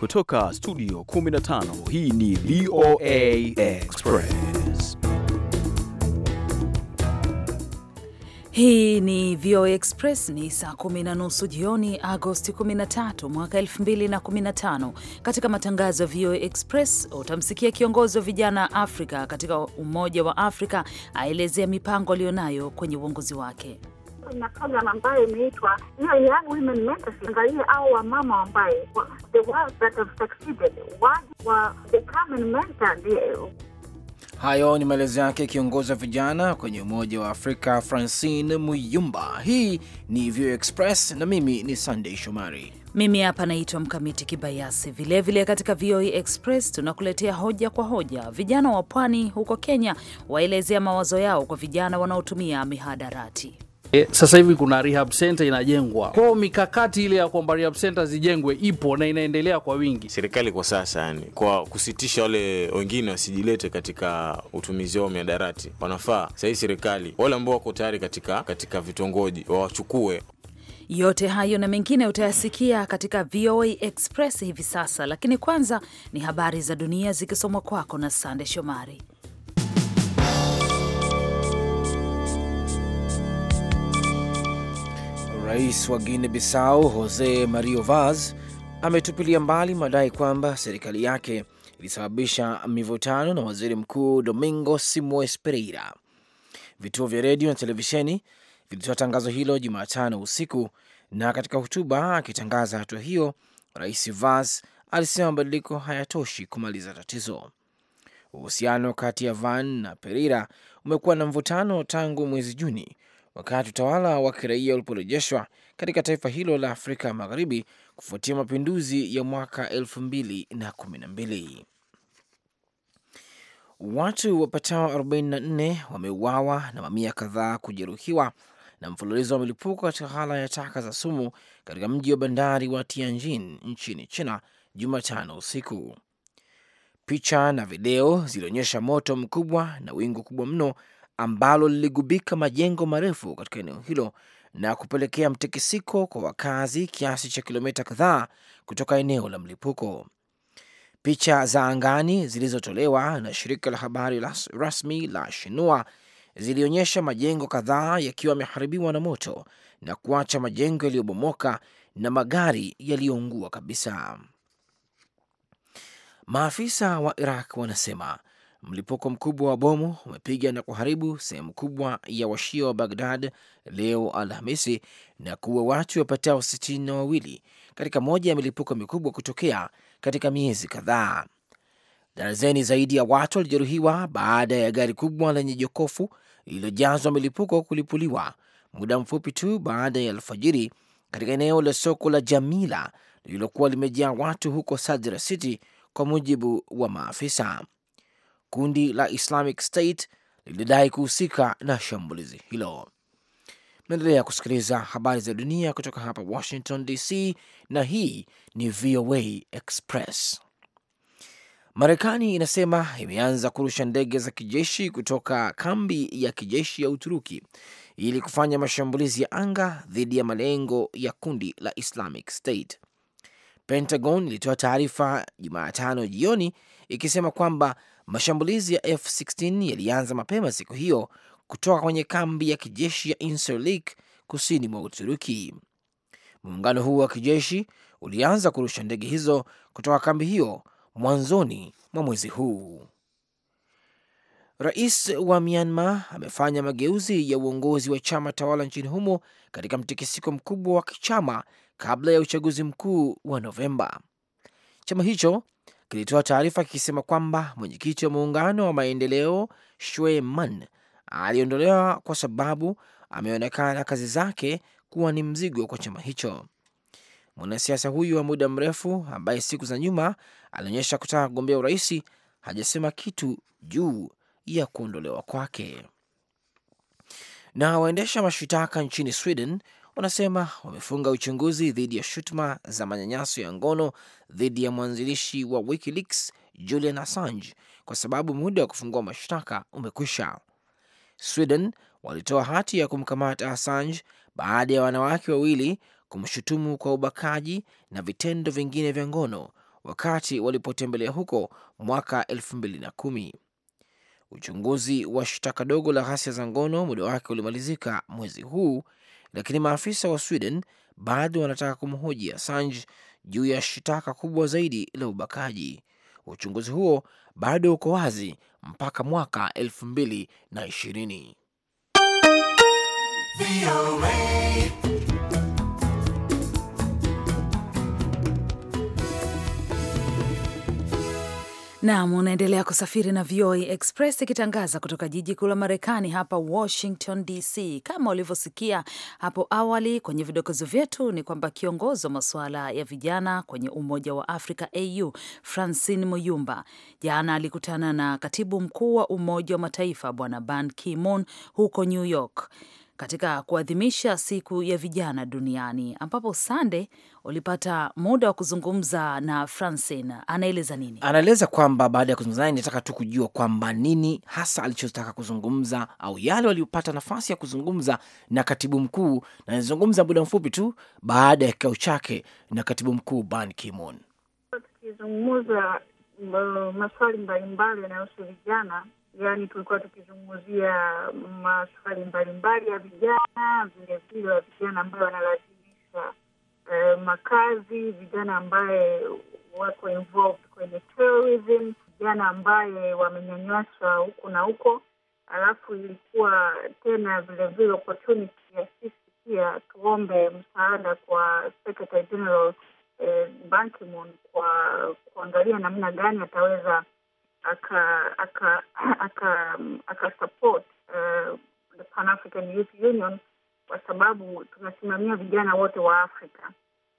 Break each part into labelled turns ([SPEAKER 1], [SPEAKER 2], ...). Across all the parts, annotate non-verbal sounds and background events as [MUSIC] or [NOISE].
[SPEAKER 1] Kutoka studio 15 hii ni VOA Express.
[SPEAKER 2] Hii ni VOA Express, ni saa kumi na nusu jioni, Agosti 13 mwaka 2015. Katika matangazo ya VOA Express utamsikia kiongozi wa vijana Afrika katika Umoja wa Afrika aelezea mipango aliyonayo kwenye uongozi wake
[SPEAKER 3] ambapo ina program ambayo imeitwa hiyo Young Women Mentorship. Angalia au wamama ambaye the ones that have succeeded wa become mentor
[SPEAKER 4] Hayo ni maelezo yake kiongozi wa vijana kwenye Umoja wa Afrika Francine Muyumba. Hii ni View Express na mimi ni Sunday Shomari.
[SPEAKER 2] Mimi hapa naitwa Mkamiti Kibayasi. Vilevile vile katika VOA Express tunakuletea hoja kwa hoja. Vijana wa pwani huko Kenya waelezea mawazo yao kwa vijana wanaotumia mihadarati.
[SPEAKER 5] E, sasa hivi kuna rehab center inajengwa. Kwa
[SPEAKER 6] mikakati ile ya kwamba rehab center zijengwe ipo na inaendelea kwa wingi. Serikali kwa sasa yani, kwa kusitisha wale wengine wasijilete katika utumizi wao miadarati, wanafaa sasa serikali wale ambao wako tayari katika, katika vitongoji wawachukue.
[SPEAKER 2] Yote hayo na mengine utayasikia katika VOA Express hivi sasa, lakini kwanza ni habari za dunia zikisomwa kwako na Sande Shomari.
[SPEAKER 7] Rais wa
[SPEAKER 4] Guine Bissau Jose Mario Vaz ametupilia mbali madai kwamba serikali yake ilisababisha mivutano na waziri mkuu Domingo Simoes Pereira. Vituo vya redio na televisheni vilitoa tangazo hilo Jumatano usiku, na katika hotuba akitangaza hatua hiyo, Rais Vaz alisema mabadiliko hayatoshi kumaliza tatizo. Uhusiano kati ya Van na Pereira umekuwa na mvutano tangu mwezi Juni wakati utawala wa kiraia uliporejeshwa katika taifa hilo la Afrika Magharibi kufuatia mapinduzi ya mwaka elfu mbili na kumi na mbili. Watu wapatao 44 wameuawa na mamia kadhaa kujeruhiwa na mfululizo wa milipuko katika hala ya taka za sumu katika mji wa bandari wa Tianjin nchini China Jumatano usiku. Picha na video zilionyesha moto mkubwa na wingu kubwa mno ambalo liligubika majengo marefu katika eneo hilo na kupelekea mtikisiko kwa wakazi kiasi cha kilomita kadhaa kutoka eneo la mlipuko. Picha za angani zilizotolewa na shirika la habari rasmi la Shinua zilionyesha majengo kadhaa yakiwa yameharibiwa na moto na kuacha majengo yaliyobomoka na magari yaliyoungua kabisa. Maafisa wa Iraq wanasema Mlipuko mkubwa wa bomu umepiga na kuharibu sehemu kubwa ya washia wa Bagdad leo Alhamisi na kuwa watu wapatao sitini na wawili katika moja ya milipuko mikubwa kutokea katika miezi kadhaa. Darazeni zaidi ya watu walijeruhiwa baada ya gari kubwa lenye jokofu lililojazwa milipuko kulipuliwa muda mfupi tu baada ya alfajiri katika eneo la soko la Jamila lililokuwa limejaa watu huko Sadra City, kwa mujibu wa maafisa. Kundi la Islamic State lilidai kuhusika na shambulizi hilo. Naendelea kusikiliza habari za dunia kutoka hapa Washington DC, na hii ni VOA Express. Marekani inasema imeanza kurusha ndege za kijeshi kutoka kambi ya kijeshi ya Uturuki ili kufanya mashambulizi ya anga dhidi ya malengo ya kundi la Islamic State. Pentagon ilitoa taarifa Jumatano jioni ikisema kwamba Mashambulizi ya F16 yalianza mapema siku hiyo kutoka kwenye kambi ya kijeshi ya Incirlik kusini mwa Uturuki. Muungano huu wa kijeshi ulianza kurusha ndege hizo kutoka kambi hiyo mwanzoni mwa mwezi huu. Rais wa Myanmar amefanya mageuzi ya uongozi wa chama tawala nchini humo katika mtikisiko mkubwa wa kichama kabla ya uchaguzi mkuu wa Novemba. Chama hicho kilitoa taarifa kikisema kwamba mwenyekiti wa muungano wa maendeleo Shwe Man aliondolewa kwa sababu ameonekana kazi zake kuwa ni mzigo kwa chama hicho. Mwanasiasa huyu wa muda mrefu ambaye siku za nyuma alionyesha kutaka kugombea uraisi hajasema kitu juu ya kuondolewa kwake. Na waendesha mashitaka nchini Sweden wanasema wamefunga uchunguzi dhidi ya shutuma za manyanyaso ya ngono dhidi ya mwanzilishi wa WikiLeaks Julian Assange kwa sababu muda wa kufungua mashtaka umekwisha. Sweden walitoa hati ya kumkamata Assange baada ya wanawake wawili kumshutumu kwa ubakaji na vitendo vingine vya ngono wakati walipotembelea huko mwaka 2010. Uchunguzi wa shtaka dogo la ghasia za ngono muda wake ulimalizika mwezi huu lakini maafisa wa Sweden bado wanataka kumhoji Assange juu ya shitaka kubwa zaidi la ubakaji. Uchunguzi huo bado uko wazi mpaka mwaka elfu mbili na ishirini.
[SPEAKER 2] Nam, unaendelea kusafiri na VOA Express ikitangaza kutoka jiji kuu la Marekani hapa Washington DC. Kama ulivyosikia hapo awali kwenye vidokezo vyetu, ni kwamba kiongozi wa masuala ya vijana kwenye Umoja wa Afrika au Francine Muyumba jana alikutana na katibu mkuu wa Umoja wa Mataifa Bwana Ban Ki-moon huko New York katika kuadhimisha siku ya vijana duniani, ambapo Sande ulipata muda wa kuzungumza na Francin. Anaeleza nini?
[SPEAKER 4] Anaeleza kwamba baada ya kuzungumza naye, nitaka tu kujua kwamba nini hasa alichotaka kuzungumza au yale waliopata nafasi ya kuzungumza na katibu mkuu, na alizungumza muda mfupi tu baada ya kikao chake na katibu mkuu Ban Kimon,
[SPEAKER 3] Tukizungumza uh, maswali mbalimbali yanayohusu vijana yani tulikuwa tukizungumzia maswali mbalimbali ya vijana, vilevile wa vijana ambayo wanalazimisha eh, makazi, vijana ambaye wako involved kwenye terrorism, vijana ambaye wamenyanyaswa huku na huko. Alafu ilikuwa tena vilevile opportunity ya sisi pia tuombe msaada kwa Secretary General eh, Ban Ki-moon kwa kuangalia namna gani ataweza aka aka [CLEARS THROAT] aka aka support uh, the Pan African Youth Union kwa sababu tunasimamia vijana wote wa Afrika,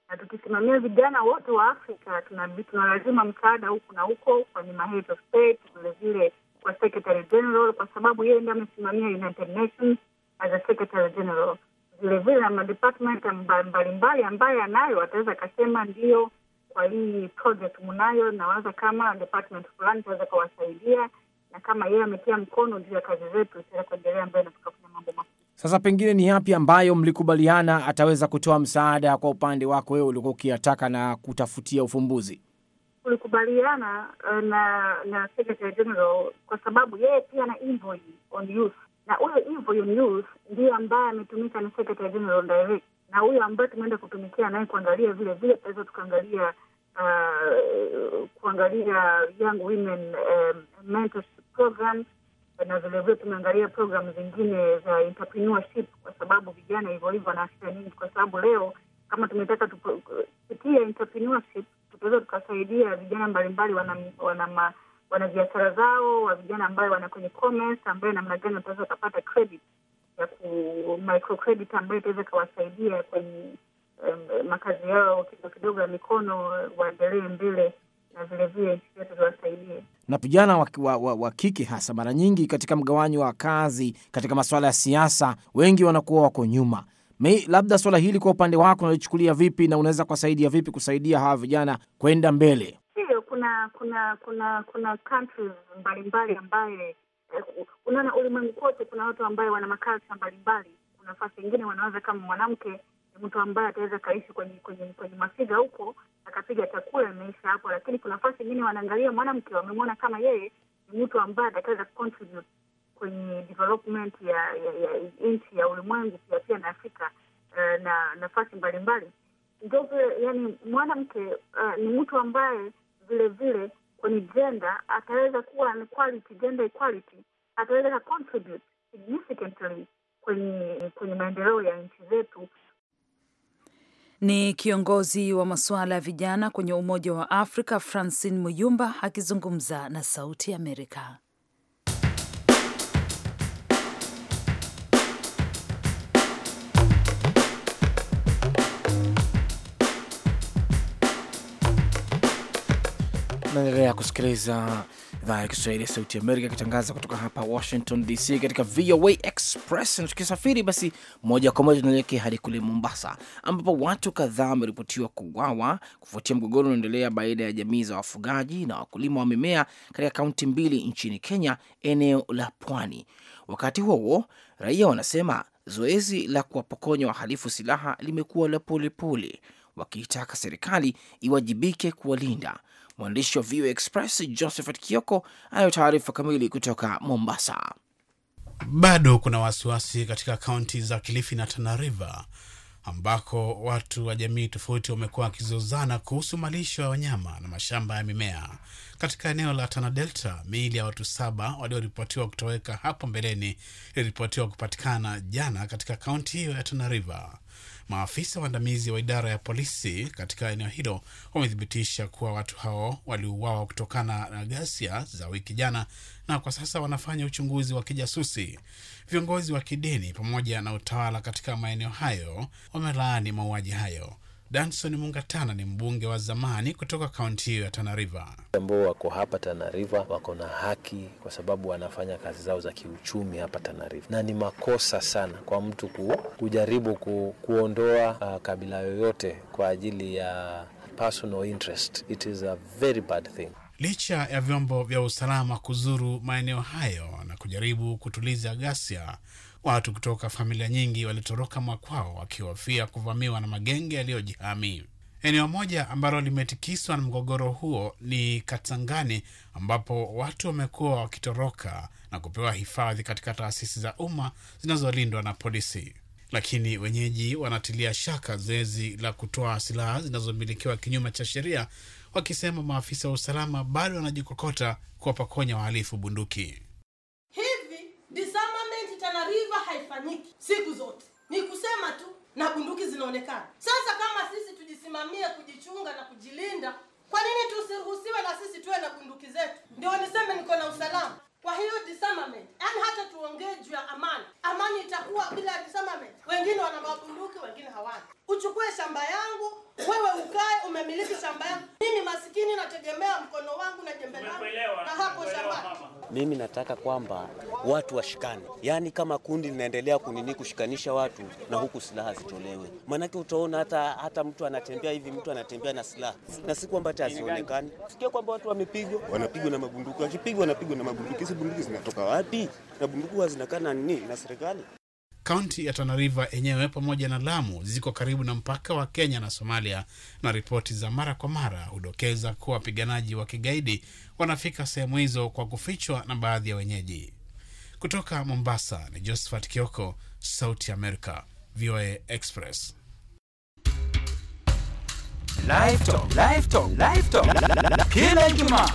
[SPEAKER 3] na tukisimamia vijana wote wa Afrika tunalazima msaada huku na huko kwa nima head of state vile vile kwa secretary general, kwa sababu yeye ndiye amesimamia United Nations as a secretary general. vile vile na department mbalimbali ambaye anayo ataweza akasema ndiyo kwa hii project mnayo, nawaza kama department fulani taweza kuwasaidia, na kama yeye ametia mkono juu ya kazi zetu, itaweza kuendelea mbele na tukafanya mambo
[SPEAKER 4] makubwa. Sasa pengine ni yapi ambayo mlikubaliana ataweza kutoa msaada kwa upande wako wewe ulikuwa ukiyataka na kutafutia ufumbuzi?
[SPEAKER 3] Tulikubaliana eh, na na Secretary General kwa sababu yeye pia na invoice on use, na huyo invoice on use ndiye ambaye ametumika na Secretary General direct na huyo ambaye tumeenda kutumikia naye kuangalia vile vile, tunaweza tukaangalia uh, kuangalia young women um, mentorship program na vilevile tumeangalia programu zingine za entrepreneurship, kwa sababu vijana hivyo hivyo wanaashiria nyingi, kwa sababu leo kama tumetaka kupitia entrepreneurship tutaweza tukasaidia vijana mbalimbali wana, wana, wana biashara zao wa vijana ambayo wana kwenye commerce, ambayo namna gani wataweza wakapata credit za ku microcredit ambayo itaweza ikawasaidia kwenye um, makazi yao kidogo kidogo ya mikono eh, waendelee mbele na vilevile nchi zetu ziwasaidie.
[SPEAKER 4] Na vijana wa, wa, wa, wa kike hasa, mara nyingi katika mgawanyi wa kazi, katika masuala ya siasa, wengi wanakuwa wako nyuma. Mei, labda swala hili kwa upande wako unalichukulia vipi na unaweza kuwasaidia vipi kusaidia hawa vijana kwenda mbele?
[SPEAKER 3] kuna kuna kuna kuna countries mbalimbali ambaye unaona ulimwengu kote kuna watu ambaye wana makasa mbalimbali. Kuna nafasi ingine wanaweza kama mwanamke ni mtu ambaye ataweza kaishi kwenye kwenye kwenye mafiga huko akapiga chakula imeisha hapo, lakini kuna nafasi ingine wanaangalia mwanamke, wamemwona kama yeye ni mtu ambaye ataweza kwenye development ya nchi ya ulimwengu pia pia na Afrika uh, na nafasi mbalimbali ndio vile, yani mwanamke uh, ni mtu ambaye vile vile kwenye gender ataweza kuwa ni quality, gender equality, ataweza contribute significantly kwenye kwenye maendeleo ya nchi zetu. Ni
[SPEAKER 2] kiongozi wa masuala ya vijana kwenye Umoja wa Afrika Francine Muyumba akizungumza na Sauti Amerika.
[SPEAKER 4] naendelea kusikiliza idhaa ya Kiswahili ya Sauti Amerika ikitangaza kutoka hapa Washington DC katika VOA Express. Na tukisafiri basi moja kwa moja tunaelekea hadi kule Mombasa, ambapo watu kadhaa wameripotiwa kuuawa kufuatia mgogoro unaendelea baina ya jamii za wafugaji na wakulima wa mimea katika kaunti mbili nchini Kenya, eneo la Pwani. Wakati huo huo, raia wanasema zoezi la kuwapokonya wahalifu silaha limekuwa la polepole, wakiitaka serikali iwajibike kuwalinda Mwandishi wa VOA Express Josephat Kioko anayo taarifa kamili kutoka Mombasa.
[SPEAKER 8] Bado kuna wasiwasi katika kaunti za Kilifi na Tana River ambako watu wa jamii tofauti wamekuwa wakizozana kuhusu malisho ya wanyama na mashamba ya mimea. Katika eneo la Tana Delta, miili ya watu saba walioripotiwa kutoweka hapo mbeleni iliripotiwa kupatikana jana katika kaunti hiyo ya Tana River. Maafisa waandamizi wa idara ya polisi katika eneo hilo wamethibitisha kuwa watu hao waliuawa kutokana na ghasia za wiki jana, na kwa sasa wanafanya uchunguzi wa kijasusi. Viongozi wa kidini pamoja na utawala katika maeneo hayo wamelaani mauaji hayo. Danson Mungatana ni mbunge wa zamani kutoka kaunti hiyo ya Tana River.
[SPEAKER 6] Ambao wako hapa Tana River wako na haki, kwa sababu wanafanya kazi zao za kiuchumi hapa Tana River, na ni makosa sana kwa mtu ku, kujaribu ku, kuondoa uh, kabila yoyote kwa ajili ya personal interest. It is a very bad thing.
[SPEAKER 8] Licha ya vyombo vya usalama kuzuru maeneo hayo na kujaribu kutuliza ghasia Watu kutoka familia nyingi walitoroka mwakwao wakihofia kuvamiwa na magenge yaliyojihami. Eneo moja ambalo limetikiswa na mgogoro huo ni Katsangani, ambapo watu wamekuwa wakitoroka na kupewa hifadhi katika taasisi za umma zinazolindwa na polisi, lakini wenyeji wanatilia shaka zoezi la kutoa silaha zinazomilikiwa kinyume cha sheria, wakisema maafisa wa usalama bado wanajikokota kuwapakonya wahalifu bunduki.
[SPEAKER 9] siku zote ni kusema tu na bunduki zinaonekana. Sasa kama sisi tujisimamie kujichunga na kujilinda, kwa nini tusiruhusiwe na sisi tuwe na bunduki zetu? Ndio niseme niko na usalama. Kwa hiyo disarmament, yani hata tuongee juu ya amani, amani itakuwa bila disarmament. Wengine wana mabunduki, wengine hawana uchukue shamba yangu, wewe ukae umemiliki shamba yangu, mimi masikini nategemea mkono wangu na jembe langu na hapo shamba.
[SPEAKER 1] Mimi nataka kwamba watu washikane, yaani kama kundi linaendelea kunini kushikanisha watu na huku silaha zitolewe, maanake utaona hata hata mtu anatembea hivi, mtu anatembea na silaha, na si kwamba hata asionekani. Sikia kwamba watu wamepigwa, wanapigwa na mabunduki, wakipigwa wanapigwa na mabunduki. Hizi bunduki zinatoka wapi? Na bunduki huwa zinakaa na nini na serikali?
[SPEAKER 8] Kaunti ya Tana yenyewe pamoja na Lamu ziko karibu na mpaka wa Kenya na Somalia, na ripoti za mara kwa mara hudokeza kuwa wapiganaji wa kigaidi wanafika sehemu hizo kwa kufichwa na baadhi ya wenyeji. Kutoka Mombasa ni Josephat Kioko, Sauti america VOA Express. Kila Ijumaa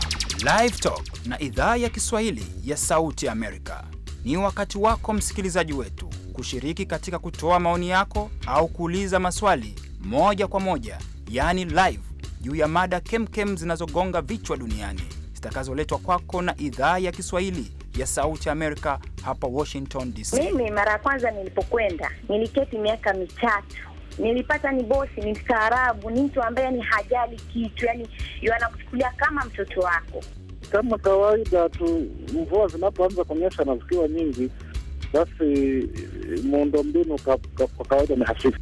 [SPEAKER 1] livetok na idhaa ya Kiswahili ya Sauti Amerika ni wakati wako msikilizaji wetu kushiriki katika kutoa maoni yako au kuuliza maswali moja kwa moja, yaani live, juu ya mada kemkem zinazogonga vichwa duniani zitakazoletwa kwako na idhaa ya Kiswahili ya Sauti Amerika hapa Washington DC. Mimi
[SPEAKER 3] mara ya kwanza nilipokwenda niliketi miaka mitatu nilipata ni bosi, ni mstaarabu, ni mtu ambaye ni hajali kitu, yani yanakuchukulia kama mtoto wako. Kama kawaida tu, mvua zinapoanza kunyesha na zikiwa nyingi, basi eh, muundombinu kwa kawaida ni hafifu.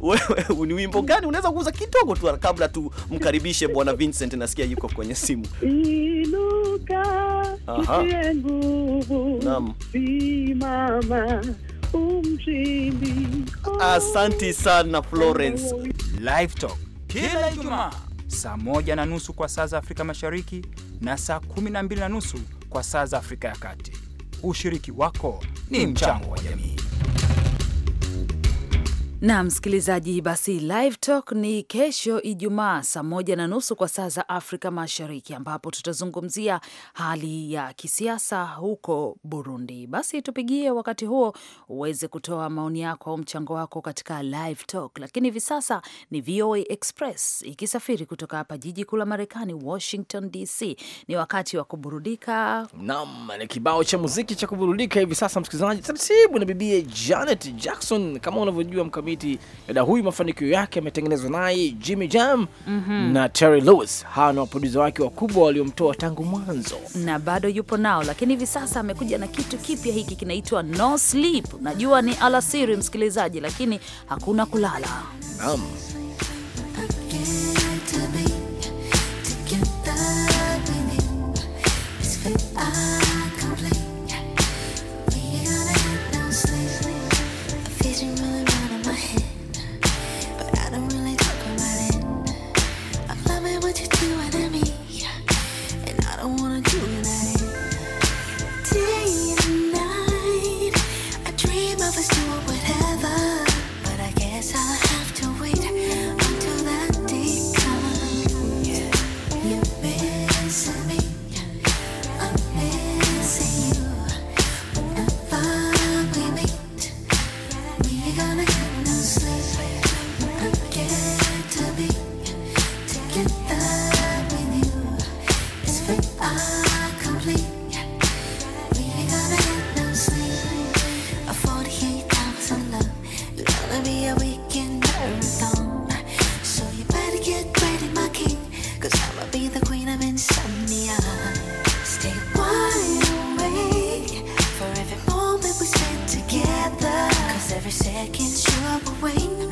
[SPEAKER 3] Wewe ni wimbo
[SPEAKER 1] gani unaweza kuuza kidogo tu kabla tumkaribishe Bwana Vincent? Nasikia yuko kwenye simu.
[SPEAKER 7] Inuka nguvu, simama umshindi.
[SPEAKER 1] Asanti sana Florence. Live Talk kila Ijumaa saa moja na nusu kwa saa za Afrika Mashariki na saa 12 na nusu kwa saa za Afrika ya Kati.
[SPEAKER 8] Ushiriki wako
[SPEAKER 1] ni mchango wa jamii
[SPEAKER 2] na msikilizaji, basi Live Talk ni kesho Ijumaa saa moja na nusu kwa saa za Afrika Mashariki, ambapo tutazungumzia hali ya kisiasa huko Burundi. Basi tupigie wakati huo uweze kutoa maoni yako au mchango wako katika Live Talk, lakini hivi sasa ni VOA Express ikisafiri kutoka hapa jiji kuu la Marekani, Washington DC. Ni wakati wa kuburudika. Naam, ni kibao cha muziki cha kuburudika hivi sasa, msikilizaji, taratibu na
[SPEAKER 4] bibie Janet Jackson. Kama unavyojua mkabili mkamiti dada huyu mafanikio yake ametengenezwa naye Jimmy Jam
[SPEAKER 2] mm -hmm. na
[SPEAKER 4] Terry Lewis. Hawa na waproduza wake wakubwa waliomtoa tangu mwanzo,
[SPEAKER 2] na bado yupo nao, lakini hivi sasa amekuja na kitu kipya hiki kinaitwa No Sleep. Najua ni alasiri msikilizaji, lakini hakuna kulala.
[SPEAKER 4] Naam.
[SPEAKER 7] away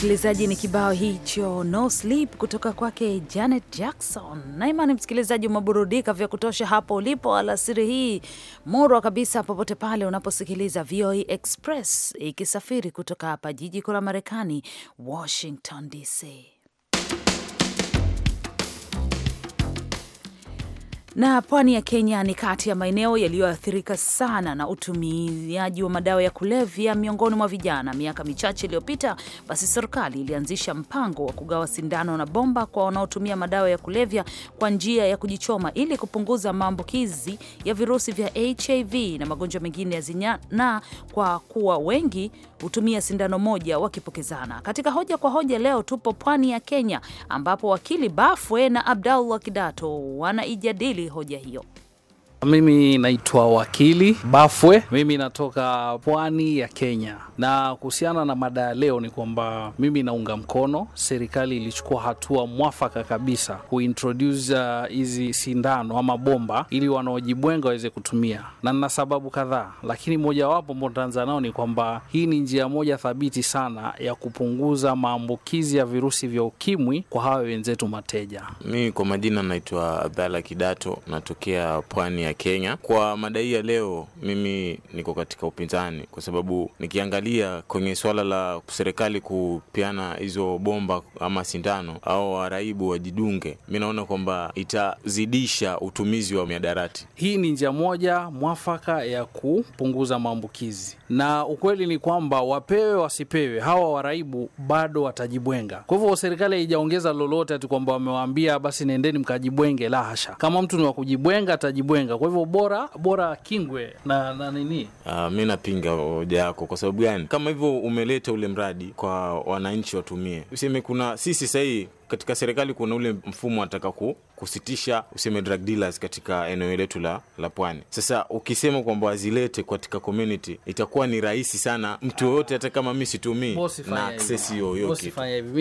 [SPEAKER 2] msikilizaji, ni kibao hicho No Sleep kutoka kwake Janet Jackson. Na imani msikilizaji, umeburudika vya kutosha hapo ulipo alasiri hii murwa kabisa, popote pale unaposikiliza VOA e Express ikisafiri kutoka hapa jiji kuu la Marekani, Washington DC. Na pwani ya Kenya ni kati ya maeneo yaliyoathirika sana na utumiaji wa madawa ya kulevya miongoni mwa vijana. Miaka michache iliyopita, basi serikali ilianzisha mpango wa kugawa sindano na bomba kwa wanaotumia madawa ya kulevya kwa njia ya kujichoma ili kupunguza maambukizi ya virusi vya HIV na magonjwa mengine ya zinaa, kwa kuwa wengi hutumia sindano moja wakipokezana. Katika hoja kwa hoja leo tupo pwani ya Kenya ambapo wakili Bafwe na Abdallah Kidato wanaijadili Hoy es
[SPEAKER 5] Mimi naitwa Wakili Bafwe, mimi natoka pwani ya Kenya, na kuhusiana na mada ya leo ni kwamba mimi naunga mkono serikali ilichukua hatua mwafaka kabisa kuintroduce uh, hizi sindano ama bomba ili wanaojibwenga waweze kutumia, na nina sababu kadhaa, lakini mojawapo ambao nitaanza nao ni kwamba hii ni njia moja thabiti sana ya kupunguza maambukizi ya virusi vya ukimwi kwa hawa wenzetu mateja.
[SPEAKER 6] Mimi kwa majina naitwa Abdalla Kidato, natokea pwani ya ya Kenya. Kwa madai ya leo, mimi niko katika upinzani, kwa sababu nikiangalia kwenye swala la serikali kupeana hizo bomba ama sindano au waraibu wajidunge, mi naona kwamba itazidisha utumizi wa miadarati. Hii ni njia moja mwafaka ya kupunguza
[SPEAKER 5] maambukizi na ukweli ni kwamba wapewe wasipewe, hawa waraibu bado watajibwenga. Kwa hivyo serikali haijaongeza lolote ati kwamba wamewaambia basi nendeni mkajibwenge, la hasha. Kama mtu ni wa kujibwenga atajibwenga. Kwa hivyo bora bora kingwe
[SPEAKER 6] na, na nini. Uh, mi napinga hoja yako. Kwa sababu gani? Kama hivyo umeleta ule mradi kwa wananchi watumie, useme kuna sisi sahii katika serikali kuna ule mfumo ku, kusitisha useme drug dealers katika eneo letu la, la pwani. Sasa ukisema kwamba wazilete katika community itakuwa ni rahisi sana mtu yoyote, hata kama mi situmii na access hiyo hiyo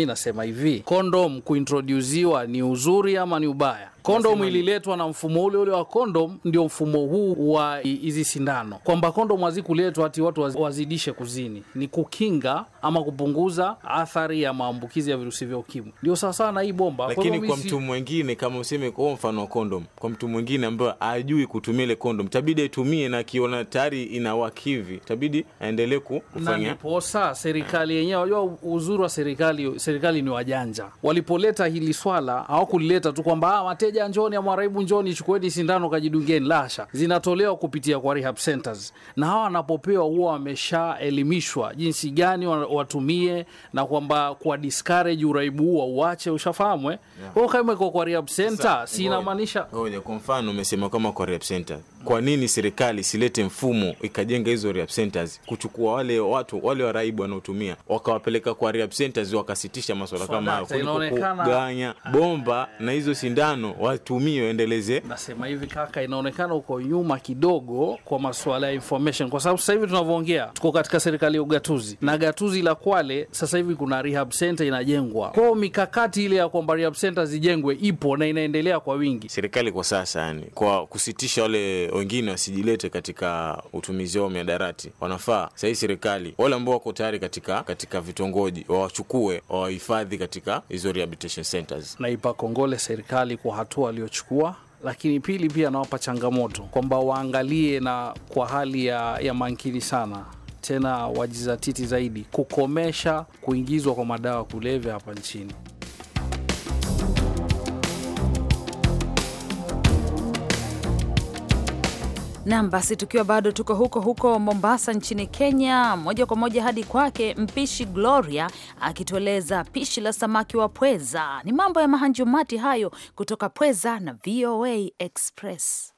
[SPEAKER 5] nasema hivi, kondom kuintroduziwa ni uzuri ama ni ubaya? Kondomu ililetwa na mfumo ule ule wa kondomu, ndio mfumo huu wa hizi sindano, kwamba kondomu hazikuletwa hati watu wazidishe kuzini, ni kukinga ama kupunguza athari ya maambukizi ya virusi vya ukimwi, ndio sawasawa na hii bomba. Lakini kwa mtu
[SPEAKER 6] mwingine kama useme kwa mfano wa kondomu, kwa mtu mwingine ambaye ajui kutumia ile kondomu, tabidi aitumie, na akiona tayari inawaki hivi, tabidi aendelee kufanya
[SPEAKER 5] Serikali yenyewe, unajua uzuri wa serikali, serikali ni wajanja. Walipoleta hili swala hawakulileta tu kwamba ah, wateja mmoja njoni, ama waraibu njoni, chukueni sindano kajidungeni. Lasha zinatolewa kupitia kwa rehab centers, na hawa wanapopewa huwa wameshaelimishwa jinsi gani watumie, na kwamba kwa discourage uraibu huo uache, ushafahamu eh? yeah. kama kwa rehab center, si
[SPEAKER 6] inamaanisha kwa mfano umesema kama kwa rehab center, kwa nini serikali silete mfumo ikajenga hizo rehab centers kuchukua wale watu wale waraibu wanaotumia wakawapeleka kwa rehab centers wakasitisha masuala kama hayo, kuganya bomba na hizo sindano watumie waendeleze. Nasema hivi kaka, inaonekana uko nyuma kidogo kwa masuala ya information, kwa sababu sasa
[SPEAKER 5] hivi tunavyoongea tuko katika serikali ya ugatuzi na gatuzi la Kwale sasa hivi kuna rehab center
[SPEAKER 6] inajengwa kwao. Mikakati ile ya kwamba rehab center zijengwe ipo na inaendelea kwa wingi. Serikali kwa sasa yani, kwa kusitisha wale wengine wasijilete katika utumizi wao miadarati, wanafaa sahii serikali wale ambao wako tayari katika katika vitongoji wawachukue, wawahifadhi katika hizo rehabilitation centers.
[SPEAKER 5] Naipa kongole serikali kwa hatua waliochukua, lakini pili pia anawapa changamoto kwamba waangalie na kwa hali ya, ya mankini sana tena wajizatiti zaidi kukomesha kuingizwa kwa madawa kulevya hapa nchini.
[SPEAKER 2] Nam, basi tukiwa bado tuko huko huko Mombasa nchini Kenya, moja kwa moja hadi kwake mpishi Gloria akitueleza pishi la samaki wa pweza. Ni mambo ya mahanjumati hayo kutoka Pweza na VOA Express.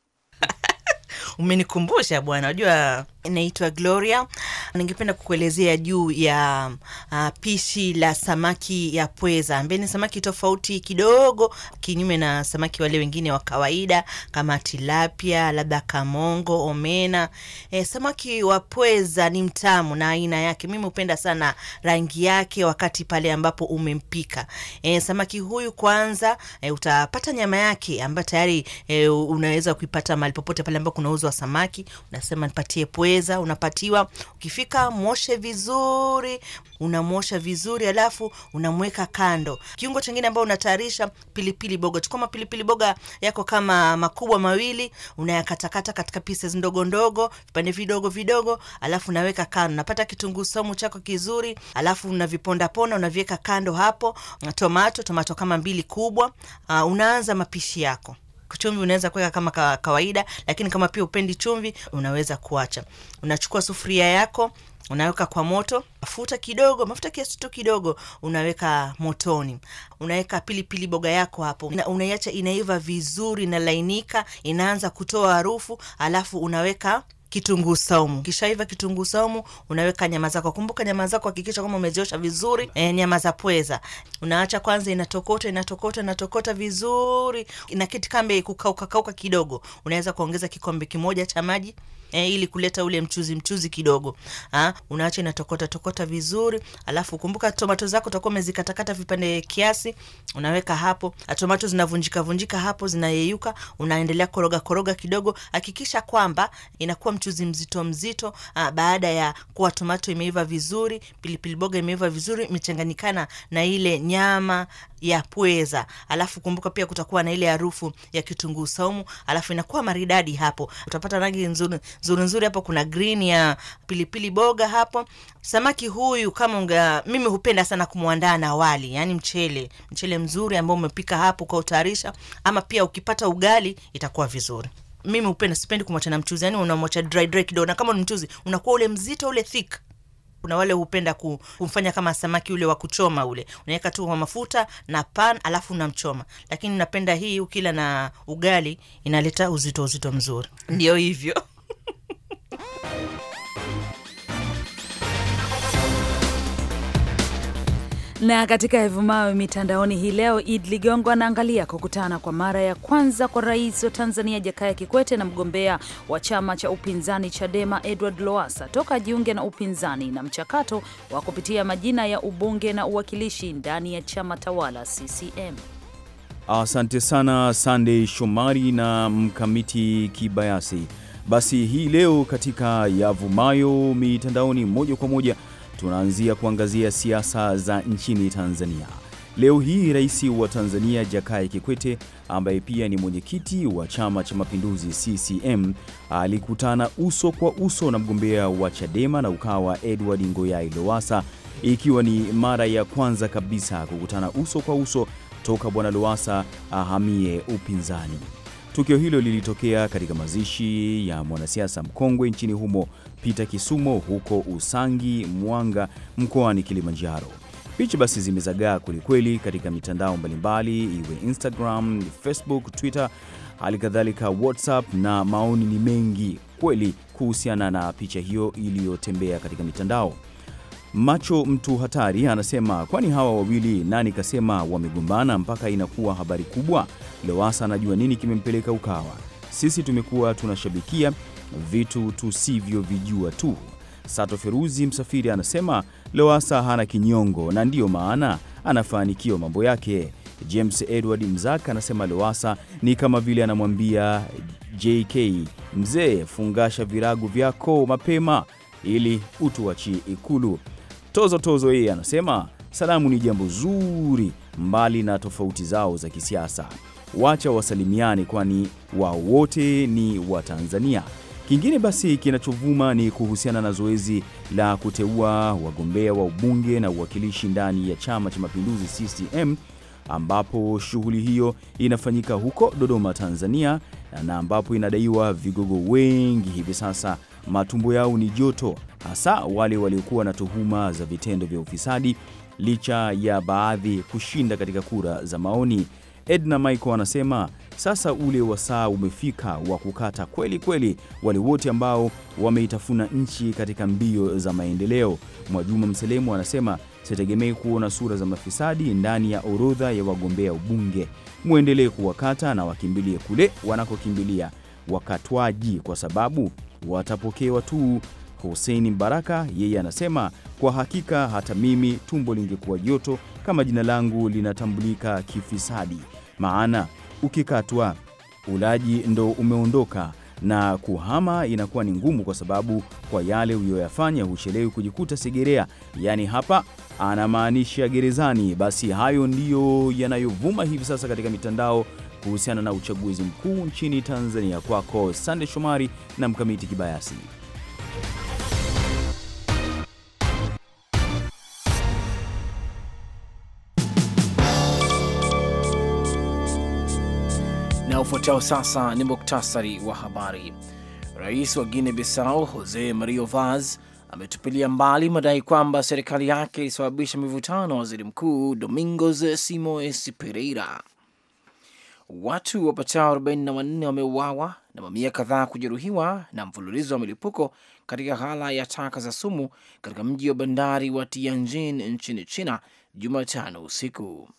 [SPEAKER 9] [LAUGHS] Umenikumbusha bwana, unajua inaitwa Gloria, ningependa kukuelezea juu ya uh, pishi la samaki ya pweza ambaye ni samaki tofauti kidogo, kinyume na samaki wale wengine wa kawaida kama tilapia, labda kamongo, omena. E, samaki wa pweza ni mtamu na aina yake. Mimi hupenda sana rangi yake wakati pale ambapo umempika. E, samaki huyu kwanza, e, utapata nyama yake ambayo tayari e, unaweza kuipata mahali popote pale ambapo kunauzwa samaki. Unasema nipatie pweza unaweza unapatiwa. Ukifika mwoshe vizuri, unamosha vizuri, alafu unamweka kando. Kiungo chingine ambayo unatayarisha pilipili boga. Chukua mapilipili boga yako kama makubwa mawili, unayakatakata katika pieces ndogo ndogo, vipande vidogo vidogo, alafu unaweka kando. Unapata kitunguu somu chako kizuri, alafu unaviponda ponda, unaviweka kando hapo. Tomato, tomato kama mbili kubwa. Uh, unaanza mapishi yako chumvi unaweza kuweka kama kawaida, lakini kama pia upendi chumvi unaweza kuacha. Unachukua sufuria yako unaweka kwa moto, mafuta kidogo, mafuta kiasi tu kidogo, unaweka motoni. Unaweka pilipili boga yako hapo, unaiacha inaiva vizuri, lainika, inaanza kutoa harufu, alafu unaweka kitunguu saumu. Kishaiva kitunguu saumu, unaweka nyama zako. Kumbuka nyama zako hakikisha kwamba umeziosha vizuri, e, nyama za pweza. Unaacha kwanza inatokota inatokota inatokota vizuri, na kitu kambe kukauka kauka kidogo. Unaweza kuongeza kikombe kimoja cha maji eh, ili kuleta ule mchuzi mchuzi kidogo. Ha? Ah, unaacha inatokota tokota vizuri, alafu kumbuka tomato zako utakuwa umezikatakata vipande kiasi, unaweka hapo. Ah, tomato zinavunjika vunjika hapo, zinayeyuka, unaendelea koroga koroga kidogo. Hakikisha kwamba inakuwa mchuzi mzito mzito ha, ah, baada ya kuwa tomato imeiva vizuri, pilipili boga imeiva vizuri, imechanganyikana na ile nyama ya pweza. Alafu kumbuka pia kutakuwa na ile harufu ya kitunguu saumu, alafu inakuwa maridadi hapo. Utapata rangi nzuri nzuri nzuri. Hapo kuna green ya pilipili boga hapo. Samaki huyu kama unga, mimi hupenda sana kumwandaa na wali, yani mchele, mchele mzuri ambao umepika hapo kwa utayarisha, ama pia ukipata ugali itakuwa vizuri. Mimi hupenda, sipendi kumwacha na mchuzi, yani unamwacha dry dry kidogo, na kama ni mchuzi unakuwa ule mzito ule thick kuna wale hupenda kumfanya kama samaki ule wa kuchoma ule, unaweka tu kwa mafuta na pan, alafu unamchoma. Lakini napenda hii ukila na ugali, inaleta uzito uzito mzuri. Ndio hivyo.
[SPEAKER 2] Na katika evumayo mitandaoni hii leo, Id Ligongo anaangalia kukutana kwa mara ya kwanza kwa rais wa Tanzania Jakaya Kikwete na mgombea wa chama cha upinzani Chadema Edward loasa toka ajiunge na upinzani na mchakato wa kupitia majina ya ubunge na uwakilishi ndani ya chama tawala CCM.
[SPEAKER 1] Asante sana Sandey Shomari na Mkamiti Kibayasi. Basi hii leo katika yavumayo mitandaoni, moja kwa moja tunaanzia kuangazia siasa za nchini Tanzania. Leo hii Rais wa Tanzania Jakaya Kikwete ambaye pia ni mwenyekiti wa Chama cha Mapinduzi CCM alikutana uso kwa uso na mgombea wa Chadema na Ukawa Edward Ngoyai lowasa ikiwa ni mara ya kwanza kabisa kukutana uso kwa uso toka Bwana lowasa ahamie upinzani. Tukio hilo lilitokea katika mazishi ya mwanasiasa mkongwe nchini humo Peter Kisumo huko Usangi Mwanga mkoani Kilimanjaro. Picha basi zimezagaa kwelikweli katika mitandao mbalimbali, iwe Instagram, Facebook, Twitter, hali kadhalika WhatsApp, na maoni ni mengi kweli kuhusiana na picha hiyo iliyotembea katika mitandao. Macho mtu hatari anasema kwani hawa wawili nani kasema wamegombana mpaka inakuwa habari kubwa? Lowasa anajua nini kimempeleka Ukawa. Sisi tumekuwa tunashabikia vitu tusivyovijua tu. Sato Feruzi Msafiri anasema Lowasa hana kinyongo na ndiyo maana anafanikiwa mambo yake. James Edward Mzaka anasema Lowasa ni kama vile anamwambia JK mzee, fungasha virago vyako mapema ili utuachie Ikulu. Tozo Tozo yeye anasema salamu ni jambo zuri, mbali na tofauti zao za kisiasa, wacha wasalimiane, kwani wao wote ni Watanzania. Kingine basi kinachovuma ni kuhusiana na zoezi la kuteua wagombea wa ubunge na uwakilishi ndani ya Chama cha Mapinduzi CCM ambapo shughuli hiyo inafanyika huko Dodoma, Tanzania, na ambapo inadaiwa vigogo wengi hivi sasa matumbo yao ni joto, hasa wale waliokuwa na tuhuma za vitendo vya ufisadi, licha ya baadhi kushinda katika kura za maoni. Edna Michael anasema sasa ule wasaa umefika wa kukata kweli kweli wale wote ambao wameitafuna nchi katika mbio za maendeleo. Mwajuma Mselemu anasema sitegemei kuona sura za mafisadi ndani ya orodha ya wagombea ubunge. Mwendelee kuwakata na wakimbilie kule wanakokimbilia wakatwaji, kwa sababu watapokewa tu. Hussein Baraka yeye anasema kwa hakika hata mimi tumbo lingekuwa joto kama jina langu linatambulika kifisadi, maana ukikatwa ulaji ndo umeondoka na kuhama inakuwa ni ngumu, kwa sababu kwa yale uliyoyafanya huchelewi kujikuta segerea. Yaani hapa anamaanisha gerezani. Basi hayo ndiyo yanayovuma hivi sasa katika mitandao kuhusiana na uchaguzi mkuu nchini Tanzania. Kwako Sande Shomari na Mkamiti Kibayasi.
[SPEAKER 4] Na ufuatao sasa ni muktasari wa habari. Rais wa Guinea Bissau Jose Mario Vaz ametupilia mbali madai kwamba serikali yake ilisababisha mivutano na waziri mkuu Domingos Simoes Pereira watu wapatao 44 wameuawa na mamia kadhaa kujeruhiwa na mfululizo wa milipuko katika ghala ya taka za sumu katika mji wa bandari wa Tianjin nchini China Jumatano usiku.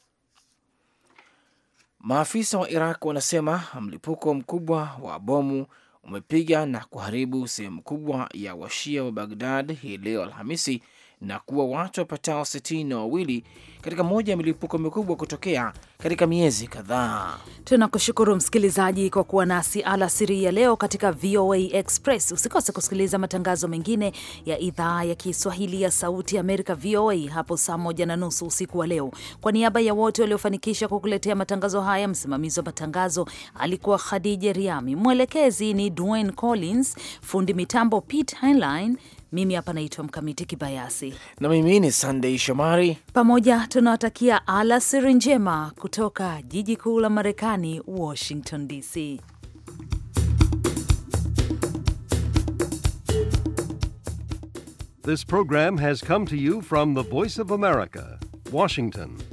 [SPEAKER 4] Maafisa wa Iraq wanasema mlipuko mkubwa wa bomu umepiga na kuharibu sehemu kubwa ya washia wa Bagdad hii leo Alhamisi na kuwa watu wapatao sitini na wawili katika moja ya milipuko mikubwa kutokea katika miezi kadhaa.
[SPEAKER 2] Tunakushukuru msikilizaji kwa kuwa nasi alasiri ya leo katika VOA Express. Usikose kusikiliza matangazo mengine ya idhaa ya Kiswahili ya Sauti Amerika, VOA, hapo saa moja na nusu usiku wa leo. Kwa niaba ya wote waliofanikisha kukuletea matangazo haya, msimamizi wa matangazo alikuwa Khadija Riami, mwelekezi ni Dwayne Collins, fundi mitambo Pete Heinlein. Mimi hapa naitwa Mkamiti Kibayasi na mimi ni Sandei Shomari pamoja tunawatakia alasiri njema kutoka jiji kuu la Marekani, Washington DC.
[SPEAKER 7] This program has come to you from the Voice of America, Washington.